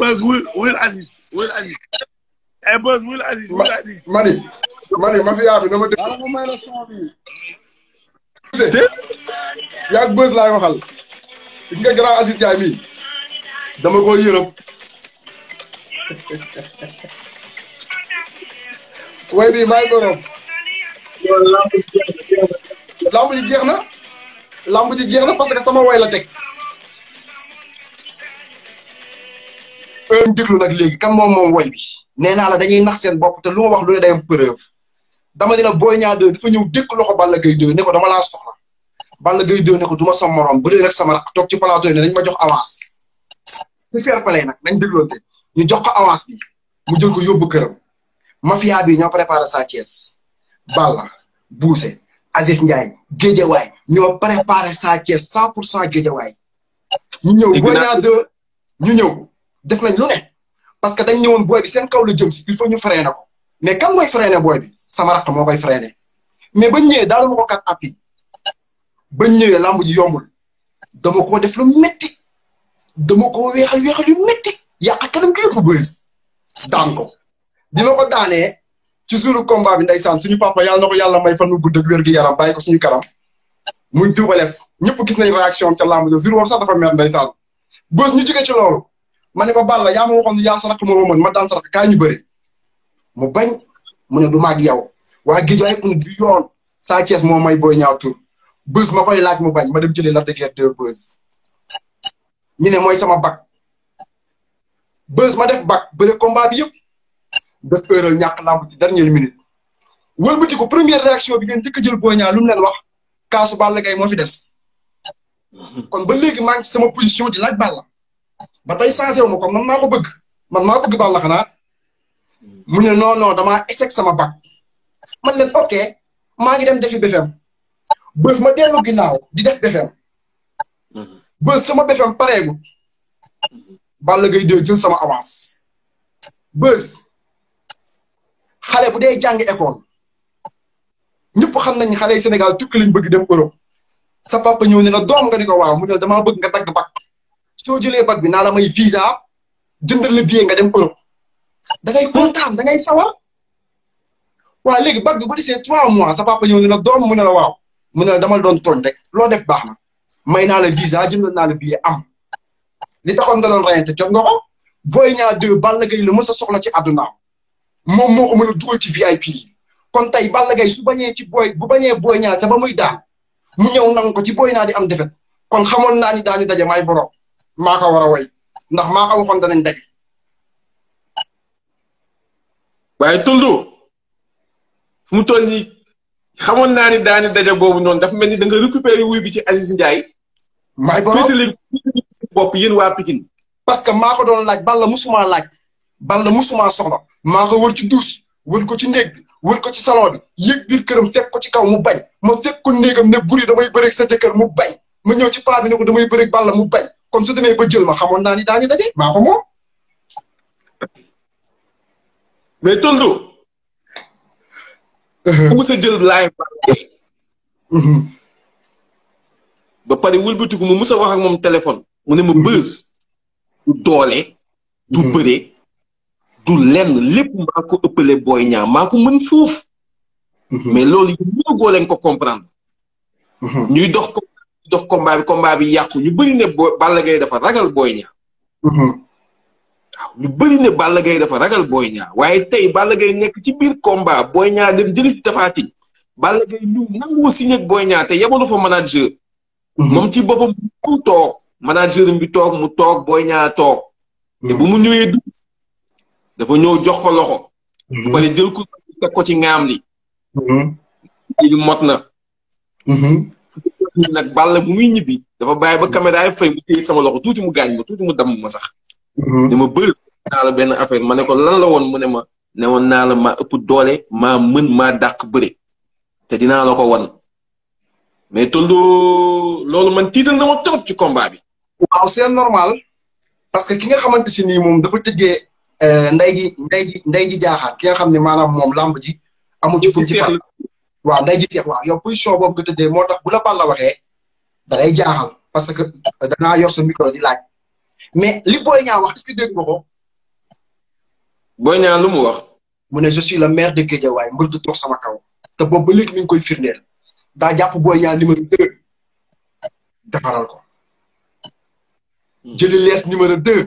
buzz wul wul Aziz wul Aziz. ay buzz mani mani mafia bi na ma déglu. ma may la son bi. yaa ngi buzz laay waxal. gis nga grand mii. dama ko yërëm. way bi maay borom. lamb jeex na. lamb jeex na parce sama way la teg. ngeen déglu nag léegi kan moom moom woy bi nee naa la dañuy nax seen bopp te lu wax lu ne day am dama ne la Boy Niang 2 dafa ñëw dékk loxo Balla Gaye 2 ne ko dama laa soxla Balla Gaye 2 ne ko ma sa morom bëri rek sama rakk toog ci plateau yi ne dañ ma jox avance ci fair play nag nañ dégloonte ñu jox ko avance bi mu jël ko yóbbu këram mafia bi ñoo préparé sa Thiès Balla Bousse Aziz Ndiaye Géejawaay ñoo préparé sa Thiès cent pour cent Géejawaay ñu ñëw Boy ñu ñëw def nañ lu parce que dañ ñëwoon booy bi seen kaw la jëm si il faut ñu freiné ko mais kan mooy freiné booy bi sama rakk moo koy freiné mais bañ ñëwee daal ma ko kat appui bañ ñëwee làmb ji yombul dama koo def lu métti dama koo weexal weexal yu métti yàq kanam gi yëpp bës daan ko bi ko daanee ci suuru combat bi ndeysaan suñu papa yàlla na ko yàlla may fan mu gudd ak wér gu yaram bàyyi ko suñu kanam muy duubalees ñëpp gis nañ réaction ca làmb ji jour boobu sax dafa mer ndeysaan ñu jógee ci ma ne ko Balla yaa ma waxoon ne yaa sa moom moo ma mën ma daan sa rakk kaa mu bañ mu ne du maag yow waa géej waaye un saa Thiès moo may booy ñaaw tur bës ma koy laaj mu bañ ma dem jëlee la dëgg deux bës ñu ne mooy sama bac bës ma def bac bëre combat bi yëpp def heure ñàkk làmb ci dernière minute wëlbati ko première réaction bi ngeen njëkk jël booy ñaaw lu mu leen wax kaasu Balla Gaye moo fi des kon ba léegi maa ngi ci sama position di laaj Balla ba tey changé wu ma ko man maa ko bëgg man maa bëgg Balla xanaa mu ne non non damaa échec sama bac man leen ok maa ngi dem defi BFEM bés ma dellu ginnaaw di def BFEM bés sama BFEM pareegut Balla gay dee jël sama avance bés xale bu dee jàng école ñëpp xam nañ xale yi Sénégal tukki lañ bëgg dem Europe sapa papa ñëw ne la doom nga ni ko waaw mu ne damaa bëgg nga dagg bac soo jëlee bac bi naa la may visa jëndal la billet nga dem Europe da ngay kontaan da ngay sawar waaw léegi bac bi bu desee trois mois sa papa ñëw ne la doom mu ne la waaw mu ne dama doon tooñ rek loo def baax na may naa la visa jëndal naa la billet am li taxoon nga doon rayante jot nga ko booy ñaa deux la Gaye la mës a soxla ci àddunaam moom moo ko mën a dugal ci VIP yi kon tey Balla Gaye su bañee ci booy bu bañee booy ñaa ca ba muy daan mu ñëw nangu ko ci booy naa di am defet kon xamoon naa ni daañu daje may borom maa ko war a way ndax maa ko waxoon danañ daje. waaye Tonton fu mu toll nii xamoon naa ni daani daje boobu noonu dafa mel ni da nga wuy bi ci Aziz Ndiaye. maay borom féetale bopp yéen waa Pikine. parce que maa ko doon laaj ban la musuma laaj ban la musuma soxla. maa ko wër ci douche wër ko ci néeg bi wër ko ci salon bi yëg biir këram fekk ko ci kaw mu bañ ma fekk ko néegam ne buri damay bëreeg sa jëkkër mu bañ ma ñëw ci paa bi ne ko damay bëreeg ban mu bañ. kon su demee ba jël ma xamoon naa ni daañu daje maa ko moom. mais tontu. ku mu sa mm-hmm. ba pare wëlbatiku mu mus a wax ak moom téléphone. mu ne ma mm-hmm. bës. du doole. du mm-hmm. bëre. du lenn lépp maa ko ëppale booy ñaa maa ko mën foofu. mais loolu yëpp mënagoo leen ko comprendre. ñuy ko dox combat bi combat bi yàqu ñu bëri ne boo Balla Gaye dafa ragal Boy Niang. Mm-hmm. waaw ñu bëri ne Balla Gaye ragal Boy Niang waaye tey Balla gay nekk ci biir combat Boy Niang dem jëli ci Tapha Tine Balla Gaye ñu nangu signé ak Boy Niang te yemanu fa manager. Mm-hmm. moom ci boppam ku toog manager bi toog mu toog Boy Niang toog. te bu mu mm-hmm. ñëwee dugg dafa ñëw jox ko loxo. bu pare jël ko ci ngaam li. mot na. nii nag Balla bu muy ñibbi dafa bàyyi ba caméra yi fay mu téye sama loxo tuuti mu gaañ ma tuuti mu damm ma sax. Mm-hmm. ne ma bëri naa benn affaire ma ne ko lan la woon mu ne ma ne woon naa la maa ëpp doole maa mën maa dàq bëre te dinaa la ko wan mais Tonton loolu man tiital na ma ci combat bi. waaw c'est normal parce que ki nga xamante si nii moom dafa tëjee euh, nday ji nday ji nday ji jaaxaar ki nga xam ne maanaam moom làmb ji amu ci fu ci waaw day ji seex waaw yow position boobu nga moo tax bu la Balla waxee da lay jaaxal parce que dangaa yor sa micro di laaj mais li Boy Niang wax si ce que dégg nga ko. lu mu wax. mu ne je suis le maire de Guédiawaye mbër du toog sama kaw te boobu ba léegi mi ngi koy firndeel daa jàpp Boy ñaa numéro deux defaral ko. Hmm. jëli lees numéro deux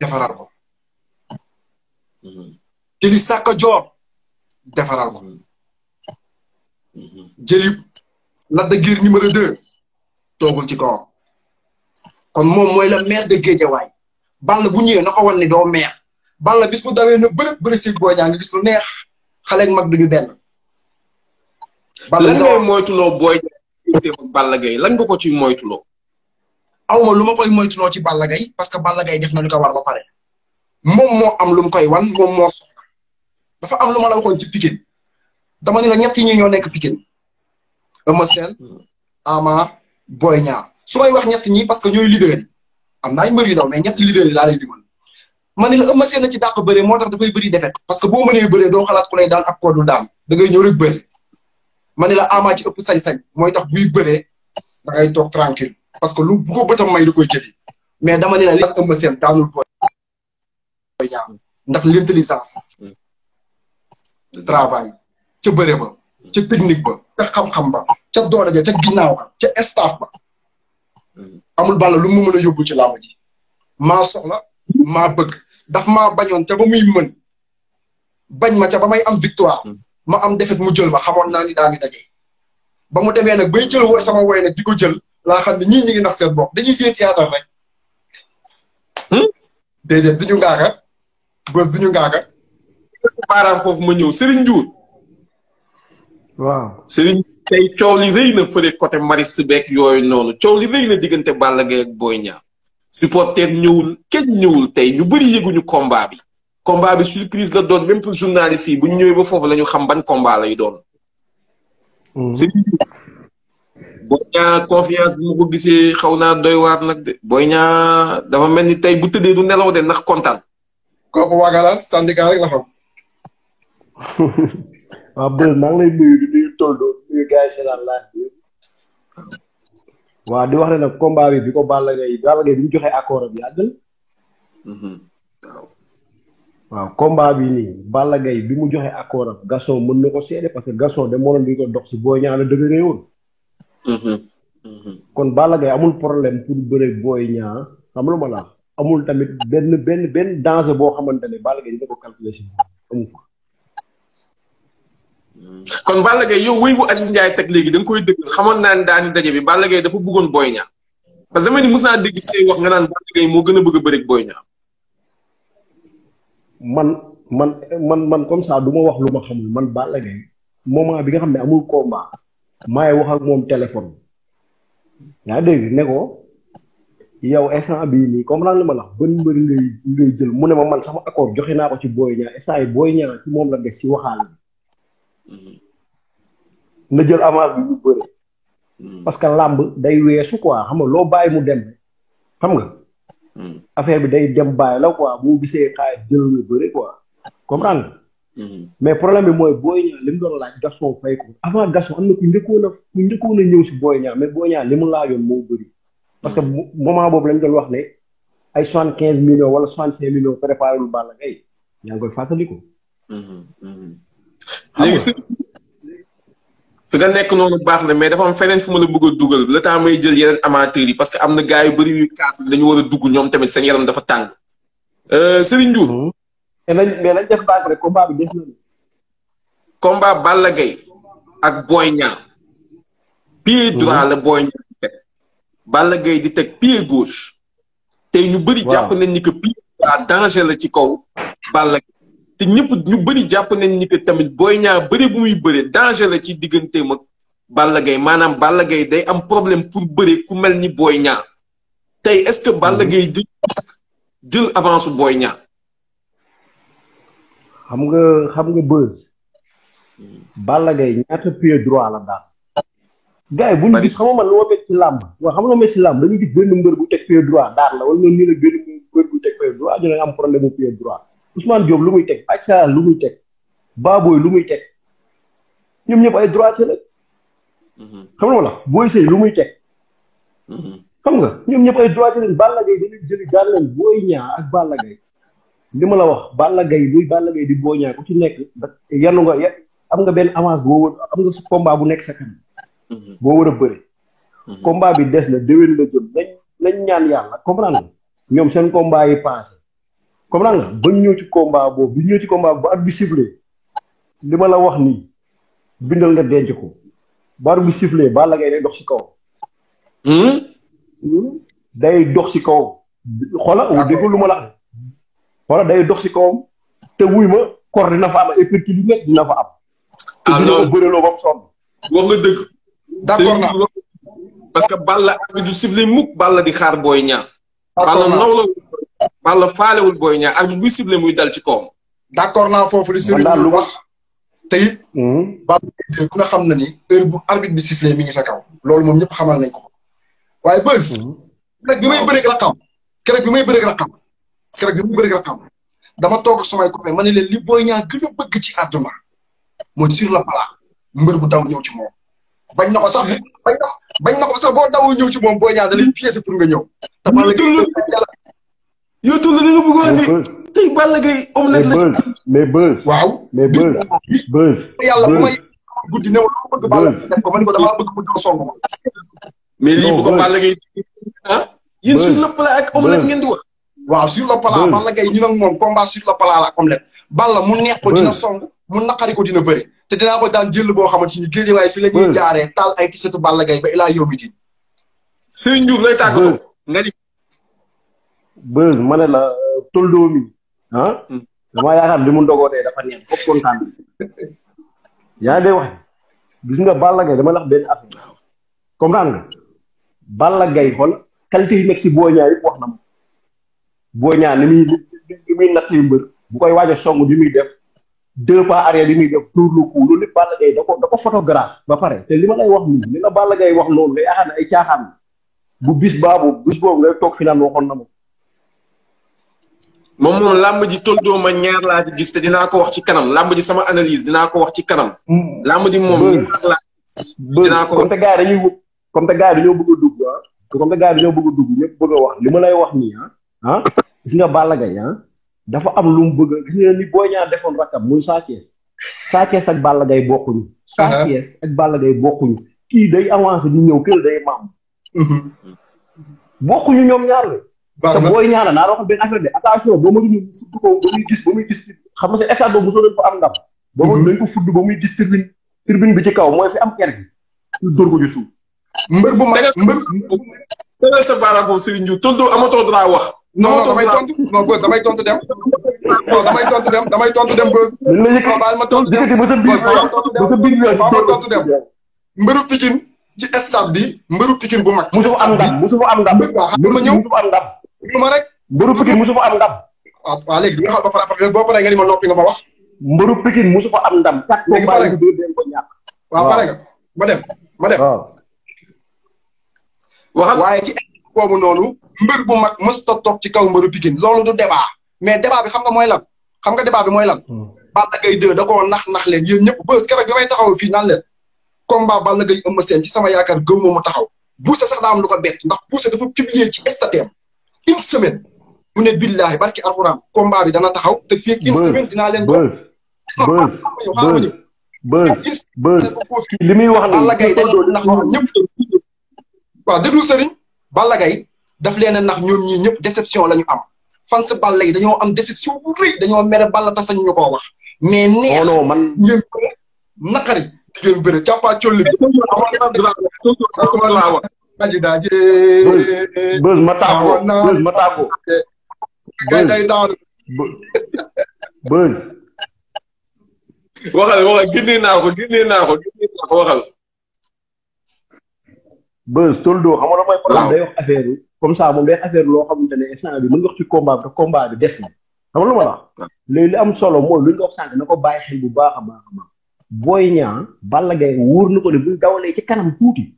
defaral ko. Hmm. jëli sàkka joor defaral ko. Hmm. jëli Lac de Guiers numéro deux toogul ci kawam kon moom mooy la maire de waay Balla bu ñëwee na ko wan ni doo maire Balla bis bu dawee na bërëb bëri si boo ngi gis lu neex xale ak mag duñu benn Balla lan moytuloo Boy Niang Balla Gaye lan nga ko ci moytuloo aw awma lu ma koy moytuloo ci Balla Gaye parce que Balla gay def na lu ko war ba pare moom moo am lu mu koy wan moom moo dafa am lu ma la waxoon ci Pikine dama ne la ñett ñi ñoo nekk Pikine Eumeu Sène Ama Boy Niang wax ñett ñi parce que ñooy leader am na ay mbër yu daw mais ñetti leader yi laa lay digal ma ne la Eumeu Sène na ci moo tax dafay bëri defet parce que boo mënee bëree doo xalaat ku lay daan ak koo dul daan da ngay ñëw rek bëri ma ne la Ama ci ëpp sañ-sañ mooy tax buy bëree da ngay toog tranquille parce que lu bu ko may da koy jëli mais dama ne la li tax Eumeu Sène daanul Boy Niang ndax l'intelligence mm. travail ca bëre ba ca technique ba ca xam ba ca doole ja ca ginnaaw ba ca staff ba amul bala lu mu mën a yóbbu ci làmb ji maa soxla maa bëgg daf ma bañoon ca ba muy mën bañ ma ca ba may am victoire ma am défaite mu jël ma xamoon naa ni daa ngi daje ba mu demee nag bay jël woy sama woy nag di jël laa xam ne ñii ñi ngi nax seen bopp dañuy see théâtre rek hmm? déedéet duñu ngaaga bës duñu ngaaga baaraam foofu ma ñëw Serigne Ndiour waaw sëriñ tey coow li rëy na fële côté mariste beeg yooyu noonu coow li rëy na diggante Balla Gaye ak Boy Niang supporter ñëwul kenn ñëwul tey ñu bëri yëguñu combat bi combat bi surprise la doon même pour journaliste yi bu ñu ñëwee ba foofu la ñu xam ban combat lay doon. Mm-hmm. sëriñ Boy confiance bi ma ko gisee xaw naa doy waar nag de Boy dafa mel ni tey bu tëddee du nelaw de ndax kontaan. kooku waagalaat syndicat rek la xam. waaw Beuz maa ngi lay nuyu di nuyu Toldo di nuyu gars yi di wax ne nag combat bi bi ko Balla Gaye Balla Gaye bi ñu joxee accord am yàgg mhm. waaw. waaw combat bi nii Balla Gaye bi mu joxe accord am mën na ko seede parce que Gasson de moroon di ko dox si Boy Niang la dëgëree woon. Mhm. Mhm. kon Balla Gaye amul problème pour bëre Boy Niang xam lu ma la amul tamit benn benn benn danger boo xamante ne Balla Gaye dina ko calculer amul kon Balla yow wéy bu Aziz Ndiaye teg léegi da koy dëgg xamoon naa ne daanu daje bi Balla dafa buggoon Boy Niang parce que dama ni mos dégg say wax nga naan moo gën a a bëri Boy Niang. man man man man comme ça du ma wax lu ma xamul man Balla Gaye moment bi nga xam ne amul combat maay wax ak moom téléphone yaa dégg nekkoo ko yow instant bii nii comprendre ma la ban mbëri ngay ngay jël mu ne ma man sama accord joxe naa ko ci Boy Niang instant booy Boy ci moom la des ci waxaale. na jël avant bi ñu bëri. Hmm. parce que làmb day weesu quoi xam nga loo bàyyi mu dem xam nga. Hmm. affaire bi day dem bàyyi la quoi bu gisee xaay jël lu bëri quoi comprendre hmm. mais problème bi mooy booy Niang li mu doon laaj Gaston fay ko avant Gaston am na ku njëkkoon a ku njëkkoon a ñëw si booy Niang mais Boy Niang li mu laajoon moo bëri. parce que moment boobu lañ doon wax ne ay soixante quinze millions wala soixante cinq millions préparé lu Balla Gaye yaa ngi koy léegi su fi nga nekk noonu baax na mais dafa am feneen fu ma la bëgg a dugal le temps may jël yeneen amateurs yi que am na gars yu bëri yu kaas dañu war a dugg ñoom tamit seen yaram dafa tàng. Euh, Serigne Ndiour. Hmm. mais lañ def baax rek combat bi des Balla Gaye ak Boy Niang. pied hmm. droit la Boy Niang di teg. Balla Gaye di teg pied gauche. tey ñu bëri jàpp nañ ni que pied droit danger la ci kaw Balla te ñëpp ñu bëri jàpp nañ ni que tamit Boy ñaar bëri bu muy bëre danger la ci digganteem ak Balla Gaye maanaam Balla Gaye day am problème pour bëre ku mel ni Boy Niang tey est-ce que Balla mm-hmm. Gaye du jël avance Boy Niang xam nga xam nga bës Balla Gaye ñaata la daal gars bu ñu gis xam nga man lu ma bet làmb waaw xam nga lu ma bet ci làmb dañu gis benn mbër bu teg pied droit daal la wala nii la benn mbër bu teg pied droit dina am problème bu droit Ousmane Diop lu muy teg Aïssa lu muy teg Baboy lu muy teg ñoom ñëpp ay droit la. Mm-hmm. xam nga wala Boy Sey lu muy teg. Mm-hmm. xam nga ñoom ñëpp ay droit lañ Balla Gaye jëli daan leen Boy Niang ak Balla Gaye li ma la wax Balla Gaye luy Balla di Boy Niang ku ci nekk yanu nga am nga benn avance boo wër am nga combat bu nekk sa kanam. Mm-hmm. boo war a bëri. combat bi des na déwén la jëm nañ nañ ñaan yàlla comprendre ñoom seen combat yi comme na ba ñëw ci combat boobu bi ba at bi sifflé li ma la wax nii bindal nga denc ko ba at bi sifflé Balla Gaye day dox ci kaw. Hmm? Hmm? day dox si kaw. xoola lu ma day dox si kawam te wuy ma kor dina fa am ay pétri nekk dina fa am. ah non bëreloo nga dëgg. parce que Balla bi du sifflé mukk Balla di xaar booy ñaar. Balla faalewul Boy Niang arbitre bu sible muy dal ci kawam. d'accord na foofu li Serigne lu wax te it. Hmm. Balla ku ne xam na ni heure bu bi sifflé mi ngi sa kaw. loolu moom ñëpp xamal nañ ko waaye bés. Hmm. keroog bi may bëreeg la xam. bi may bëreeg la xam. keroog bi may bëreeg la xam dama toog ak ko copains ma ne leen li Boy Niang gën a bëgg ci àdduna mooy sur le plat mbër bu daw ñëw ci moom. bañ na ko sax bañ na ko boo dawul ñëw ci moom Boy Niang da lay piéger pour nga ñëw. yow tull ni nga bëggoon ni tey Balla Gaye omelette la mais buzz waaw mais buzz buzz yàlla bu ma guddi na wala bëgg Balla def ko ma ni ko damaa bëgg mu jox song ma mais bu ko Balla Gaye ah yéen sur le plat ak omelette ngeen di wax waaw sur le plat Balla Gaye ñu nag moom combat sur le plat la ak omelette Balla mu neex ko dina song mu naqari ko dina bëri te dinaa ko daan jël boo xamante ni géej waaye fi la ñuy jaaree taal ay tisetu Balla Gaye ba ilaa yow mi diin nga di Beuz ma ne la toldo mi ah. Hmm. damaa yaakaar li mu ndogoo dafa neex foofu kontaan yaa ngi dee wax gis nga Balla Gaye dama la wax benn affaire comprendre nga Balla Gaye xool qualité wax na ma Boy Niang ni muy koy waaj a song li muy def deux photographe ba pare te li ma lay wax nii li la Balla Gaye wax noonu nga yaakaar ne ay caaxaan bu bis baabu bis boobu ngay toog fi naan waxoon na ma moom moom làmb ji toldoo ma ñaar laa ci gis te dinaa ko wax ci kanam làmb ji sama analyse dinaa ko wax ci kanam. Mm. làmbaji ji moom ñaar laa ko comme te gars dañuy comme te gars dugg ah. comme te gars li ma lay wax nii ah. ah gis nga Balla Gaye ah, dafa am lu mu bëgg a gis nga ni Boy Niang defoon rakkam muy Sa Thiès ak Balla Gaye bokkuñu. Sa uh-huh. ak Balla Gaye bokkuñu. kii day avancé di ñëw kër day maam. Mm-hmm. bokkuñu ñoom ñaar la. baax na te booy ñaanal naa la wax benn affaire de attention boo ma gis surtout ko ba muy gis ba muy gis xam nga sa stade boobu mosoo leen ko am ndam. boo ma dañ ko fudd ba muy gis tribune tribune bi ci kaw mooy fi am ker gi. ñu dóor ko ci suuf. mbër bu mag mbër. tëral sa baaraam foofu Serigne Diouf tontu amatoo droit wax. non non damay tontu non bës damay tontu dem. non damay tontu dem damay tontu dem bës. non baal ma tontu dem bës baal ma tontu dem. mbëru Pikine ci stade bi mbëru Pikine bu mag. musu fa am ndam musu fa am ndam. ma ñëw musu fa am ndam. ma rek. mbëru Pikine musu fa am ndam. waaw ah, waaw léegi nga xam ba pare boo paree nga ni ma noppi nga ma wax. mbëru Pikine musu fa am ndam. léegi pare nga waaw pare ma dem ma dem. waxal waaye ci boobu noonu. mbër bu mag mësta toog ci kaw mbëru Pikine loolu du débat mais débat bi xam nga mooy lan xam nga débat bi mooy lan. Hmm. Balla Gaye 2 da koo nax nax leen yéen ñëpp bës keroog bi may taxaw fii naan leen combat Balla Gaye Eumeu Sène ci sama yaakaar gëw ma mu taxaw. bu sax daa am lu ko bett ndax Boucher dafa publier ci statut une semaine mu ne billahi barki alxuraan combat bi dana taxaw te fii une semaine dinaa leen. bël bël bël bël li muy wax nii Balla Gaye da leen nax ñoom ñëpp. waaw déglu sëriñ Balla Gaye leen a nax ñoom ñii ñëpp déception la am am fans Balla yi dañoo am déception bu dañoo mere Balla ta sañ ñu koo wax. mais neex oh man ñoom naqari. jigéen bëre colli bi. aji daaje. bës ma tàggoo bës ma tàggoo. bës naa ko génnee naa ko bës Toldo xam nga day wax affaire yi comme ça moom day affaire loo xamante ne instant bi mën wax ci combat bi te combat des na xam nga lu ma la wax. léegi am solo mooy lu ñu wax sànq na ko bàyyi xel bu baax a baax a baax. Boy Niang Balla Gaye wóor na ko ne bu dawalee ci kanam tuuti.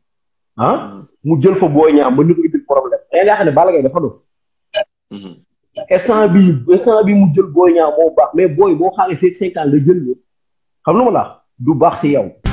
ah mu jël fa Boy Niang ba ñu ko indil problème da nga xam ne Balla Gaye dafa dof mhm. instant bi instant bi mu jël Boy Niang moo baax mais booy boo xaaree fekk cinq ans la jël nga xam lu ma la du baax si yow.